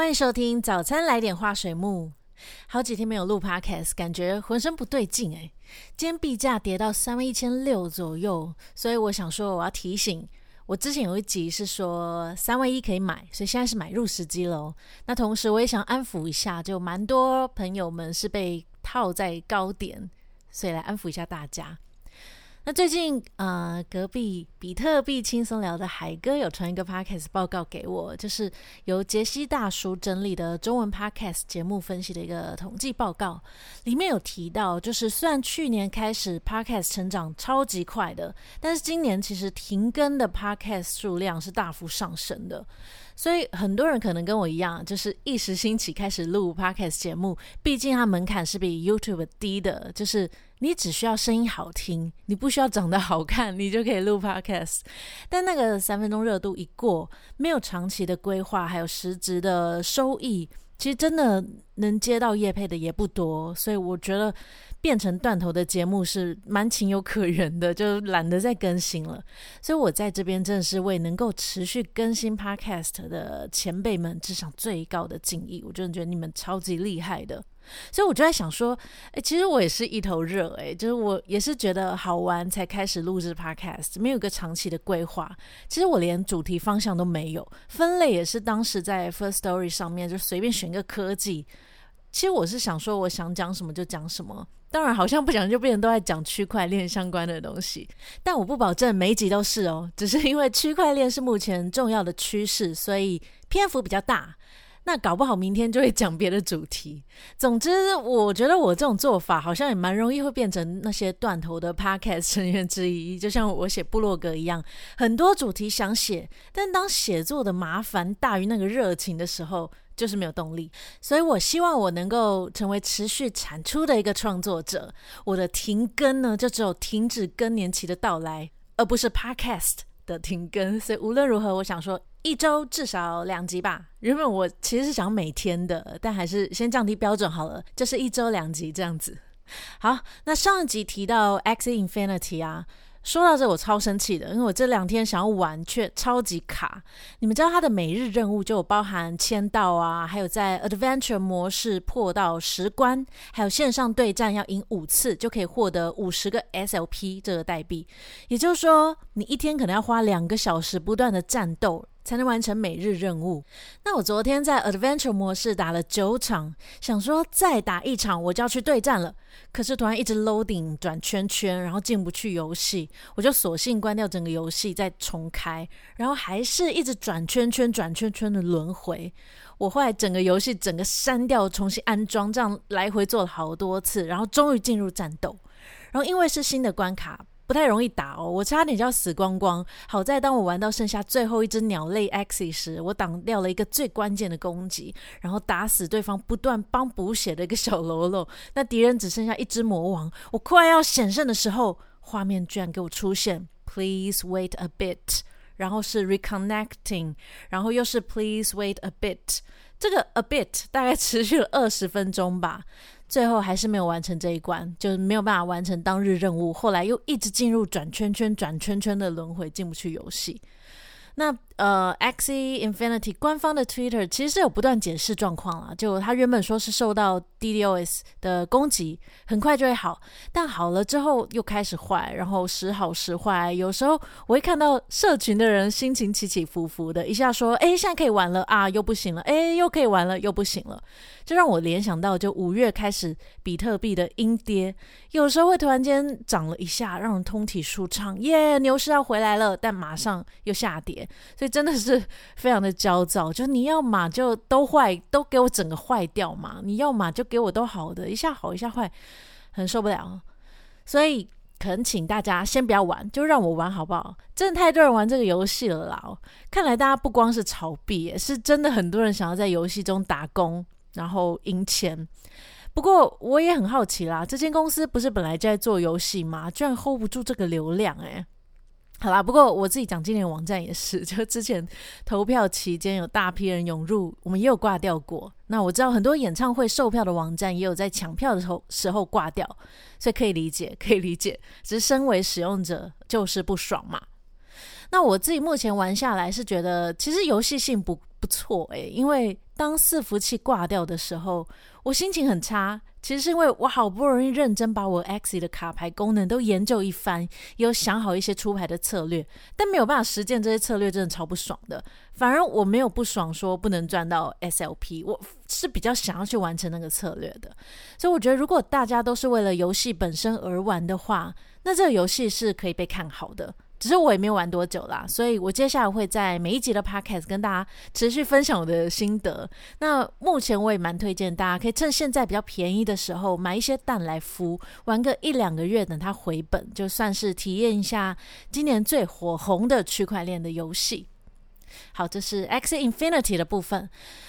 歡迎收聽早餐來點花水木。好幾天沒有錄 Podcast，感覺渾身不對勁誒、欸，今天幣價跌到三萬一千六左右，所以我想說我要提醒，我之前有一集是說三萬一可以買，所以現在是買入時機嘍。那同時我也想安撫一下，就蠻多朋友們是被套在高點，所以來安撫一下大家。那最近，呃，隔壁比特幣輕鬆聊的海哥有傳一個 podcast 報告給我，就是由傑西大叔整理的中文 podcast 節目分析的一個統計報告，裡面有提到，就是雖然去年開始 podcast 成長超級快的，但是今年其實停更的 podcast 數量是大幅上升的，所以很多人可能跟我一樣，就是一時興起開始錄 podcast 節目，畢竟它門檻是比 YouTube 低的，就是。你只需要聲音好聽，你不需要長得好看，你就可以錄 Podcast。但那個三分鐘熱度一過，沒有長期的規劃，還有實質的收益。其實真的能接到業配的也不多，所以我覺得變成斷頭的節目是蠻情有可原的，就懶得再更新了。所以我在這邊正是為能夠持續更新 podcast 的前輩們致上最高的敬意，我真的覺得你們超級厲害的。所以我就在想說，哎，其實我也是一頭熱，哎，就是我也是覺得好玩才開始錄制 podcast，沒有個長期的規劃，其實我連主題方向都沒有，分類也是當時在 First Story 上面就隨便選。一個科技，其實我是想說，我想講什麼就講什麼。當然，好像不講就變成都在講區塊鏈相關的東西，但我不保證每一集都是哦，只是因為區塊鏈是目前重要的趨勢，所以篇幅比較大。那搞不好明天就會講別的主題。總之，我覺得我這種做法好像也蠻容易會變成那些斷頭的 podcast 成員之一，就像我寫部落格一樣，很多主題想寫，但當寫作的麻煩大於那個熱情的時候，就是沒有動力。所以我希望我能夠成為持續產出的一個創作者。我的停更呢，就只有停止更年期的到來，而不是 podcast 的停更。所以無論如何，我想說。一週至少兩集吧。原本我其實是想每天的，但還是先降低標準好了，就是一週兩集這樣子。好，那上一集提到 Axie Infinity 啊，說到這我超生氣的，因為我這兩天想要玩卻超級卡。你們知道它的每日任務就有包含簽到啊，還有在 Adventure 模式破到十關，還有線上對戰要贏五次就可以獲得五十個 SLP 這個代幣。也就是說，你一天可能要花兩個小時不斷的戰鬥。才能完成每日任務。那我昨天在 Adventure 模式打了九場，想說再打一場我就要去對戰了。可是突然一直 loading 轉圈圈，然後進不去遊戲，我就索性關掉整個遊戲再重開，然後還是一直轉圈圈轉圈圈的輪回。我後來整個遊戲整個刪掉重新安裝，這樣來回做了好多次，然後終於進入戰鬥。然後因為是新的關卡。不太容易打哦，我差點就要死光光。好在當我玩到剩下最後一隻鳥類 Axie 時，我擋掉了一個最關鍵的攻擊，然後打死對方不斷幫補血的一個小嘍囉。那敵人只剩下一只魔王，我快要險勝的時候，畫面居然給我出現 “Please wait a bit”，然後是 reconnecting，然後又是 “Please wait a bit”。這個 a bit 大概持續了二十分鐘吧。最後還是沒有完成這一關，就是沒有辦法完成當日任務。後來又一直進入轉圈圈、轉圈圈的輪迴，進不去遊戲。那呃 Axie Infinity 官方的 Twitter 其實是有不斷解釋狀況啦，就他原本說是受到 DDoS 的攻擊，很快就會好，但好了之後又開始壞，然後時好時壞。有時候我會看到社群的人心情起起伏伏的，一下說：“哎，現在可以玩了啊！”又不行了，哎，又可以玩了，又不行了，就讓我聯想到就五月開始比特幣的陰跌，有時候會突然間漲了一下，讓人通體舒暢，耶，yeah，牛市要回來了，但馬上又下跌。所以真的是非常的焦躁，就你要嘛就都壞，都給我整個壞掉嘛！你要嘛就給我都好的，一下好一下壞，很受不了。所以懇請大家先不要玩，就讓我玩好不好？真的太多人玩這個遊戲了啦！看來大家不光是炒幣，是真的很多人想要在遊戲中打工，然後贏錢。不過我也很好奇啦，這間公司不是本來就在做遊戲嗎？居然 hold 不住這個流量誒。好啦，不過我自己講，今年網站也是，就之前投票期間有大批人湧入，我們也有掛掉過。那我知道很多演唱會售票的網站也有在搶票的時候時候掛掉，所以可以理解，可以理解。只是身為使用者就是不爽嘛。那我自己目前玩下來是覺得，其實遊戲性不夠。不錯誒、欸，因為當伺服器掛掉的時候，我心情很差。其實是因為我好不容易認真把我 Axie 的卡牌功能都研究一番，也有想好一些出牌的策略，但沒有辦法實踐這些策略，真的超不爽的。反而我沒有不爽，說不能賺到 SLP，我是比較想要去完成那個策略的。所以我覺得，如果大家都是為了遊戲本身而玩的話，那這個遊戲是可以被看好的。只是我也沒有玩多久啦，所以我接下來會在每一集的 podcast 跟大家持續分享我的心得。那目前我也蠻推薦大家可以趁現在比較便宜的時候買一些蛋來孵，玩個一兩個月，等它回本，就算是體驗一下今年最火紅的區塊鏈的遊戲。好，這是 Axie Infinity 的部分。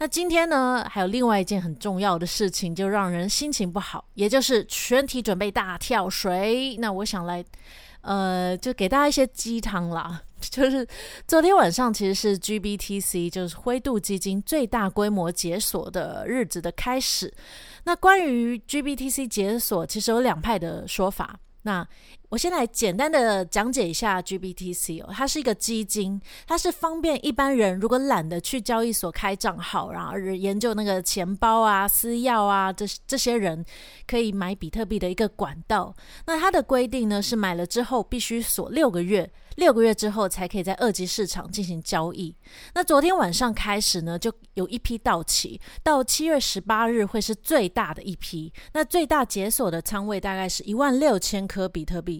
那今天呢，還有另外一件很重要的事情，就讓人心情不好，也就是全體準備大跳水。那我想來。呃，就給大家一些雞湯啦，就是昨天晚上其實是 GBTC，就是灰度基金最大規模解鎖的日子的開始。那關於 GBTC 解鎖，其實有兩派的說法。那我先來簡單的講解一下 GBTC 哦，它是一個基金，它是方便一般人如果懶得去交易所開賬號，然後研究那個錢包啊、私鑰啊，這這些人可以買比特幣的一個管道。那它的規定呢，是買了之後必須鎖六個月，六個月之後才可以在二級市場進行交易。那昨天晚上開始呢，就有一批到期，到七月十八日會是最大的一批，那最大解鎖的倉位大概是一萬六千顆比特幣。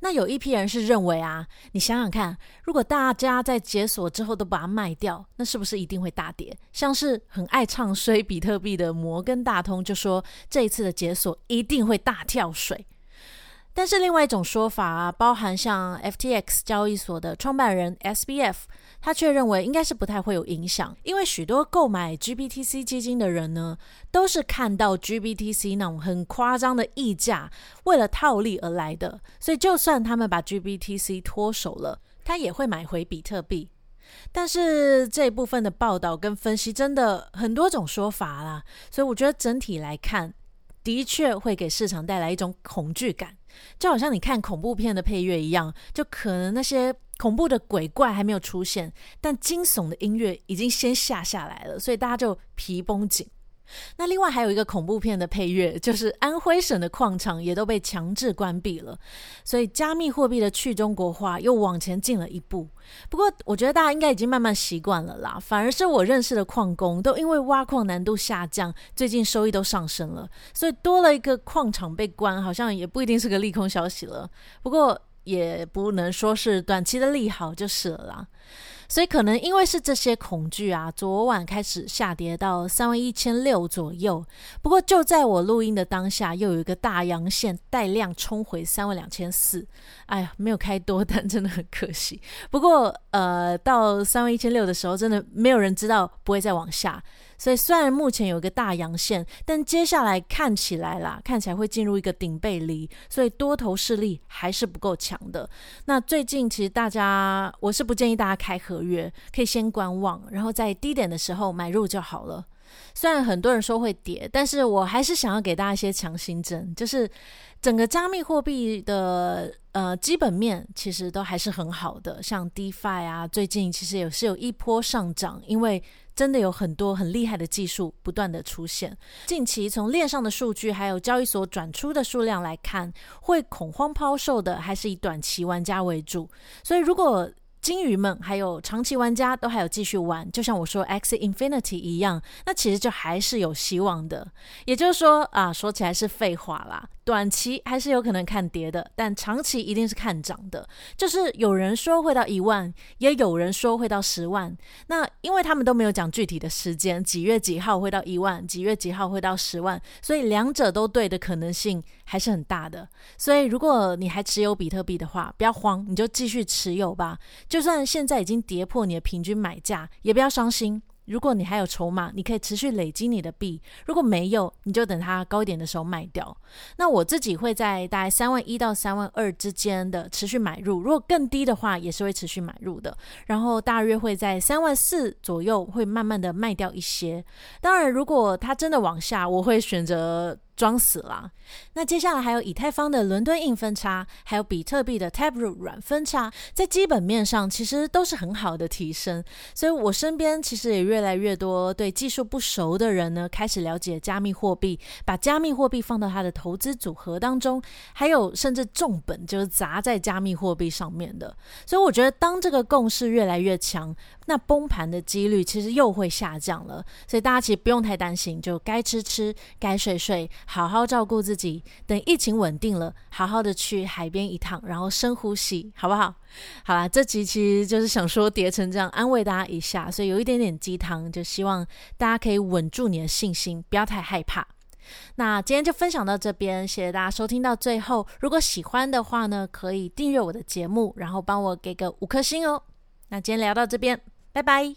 那有一批人是認為啊，你想想看，如果大家在解鎖之後都把它賣掉，那是不是一定會大跌？像是很愛唱衰比特幣的摩根大通就說，這一次的解鎖一定會大跳水。但是另外一種說法啊，包含像 FTX 交易所的創辦人 SBF，他卻認為應該是不太會有影響，因為許多購買 GBTC 基金的人呢，都是看到 GBTC 那種很誇張的溢價，為了套利而來的，所以就算他們把 GBTC 脫手了，他也會買回比特幣。但是這部分的報道跟分析真的很多種說法啦，啊，所以我覺得整體來看，的確會給市場帶來一種恐懼感。就好像你看恐怖片的配樂一樣，就可能那些恐怖的鬼怪還沒有出現，但驚悚的音樂已經先下下來了，所以大家就皮繃緊。那另外還有一個恐怖片的配樂，就是安徽省的礦場也都被強制關閉了，所以加密貨幣的去中國化又往前進了一步。不過我覺得大家應該已經慢慢習慣了啦，反而是我認識的礦工都因為挖礦難度下降，最近收益都上升了，所以多了一個礦場被關，好像也不一定是個利空消息了。不過也不能說是短期的利好就是了啦。所以可能因為是這些恐懼啊，昨晚開始下跌到三萬一千六左右。不過就在我錄音的當下，又有一個大陽線帶量衝回三萬兩千四。哎呀，沒有開多單，但真的很可惜。不過呃，到三萬一千六的時候，真的沒有人知道不會再往下。所以雖然目前有一個大陽線，但接下來看起來啦，看起來會進入一個頂背離，所以多頭勢力還是不夠強的。那最近其實大家，我是不建議大家開合約，可以先觀望，然後在低點的時候買入就好了。雖然很多人說會跌，但是我還是想要給大家一些強心針，就是整個加密貨幣的呃基本面其實都還是很好的，像 DeFi 啊，最近其實也是有一波上漲，因為真的有很多很厲害的技術不斷的出現。近期從鏈上的數據還有交易所轉出的數量來看，會恐慌拋售的還是以短期玩家為主，所以如果，鯨魚們，還有長期玩家都還有繼續玩，就像我說《Axie Infinity》一樣，那其實就還是有希望的。也就是說啊，說起來是廢話啦。短期還是有可能看跌的，但長期一定是看漲的。就是有人說會到一萬，也有人說會到十萬。那因為他們都沒有講具體的時間，幾月幾號會到一萬，幾月幾號會到十萬，所以兩者都對的可能性還是很大的。所以如果你還持有比特幣的話，不要慌，你就繼續持有吧。就算現在已經跌破你的平均買價，也不要傷心。如果你還有籌碼，你可以持續累積你的幣；如果沒有，你就等它高一點的時候賣掉。那我自己會在大概三萬一到三萬二之間的持續買入，如果更低的話，也是會持續買入的。然後大約會在三萬四左右會慢慢的賣掉一些。當然，如果它真的往下，我會選擇。裝死了。那接下來還有以太坊的倫敦硬分叉，還有比特幣的 Taproot 軟分叉，在基本面上其實都是很好的提升。所以，我身邊其實也越來越多對技術不熟的人呢，開始了解加密貨幣，把加密貨幣放到他的投資組合當中，還有甚至重本就是砸在加密貨幣上面的。所以，我覺得當這個共識越來越強，那崩盤的幾率其實又會下降了。所以，大家其實不用太擔心，就該吃吃，該睡睡。好好照顧自己，等疫情穩定了，好好的去海邊一趟，然後深呼吸，好不好？好啦，這集其實就是想說，跌成這樣，安慰大家一下，所以有一點點雞湯，就希望大家可以穩住你的信心，不要太害怕。那今天就分享到這邊，謝謝大家收聽到最後。如果喜歡的話呢，可以訂閱我的節目，然後幫我給個五顆星哦。那今天聊到這邊，拜拜。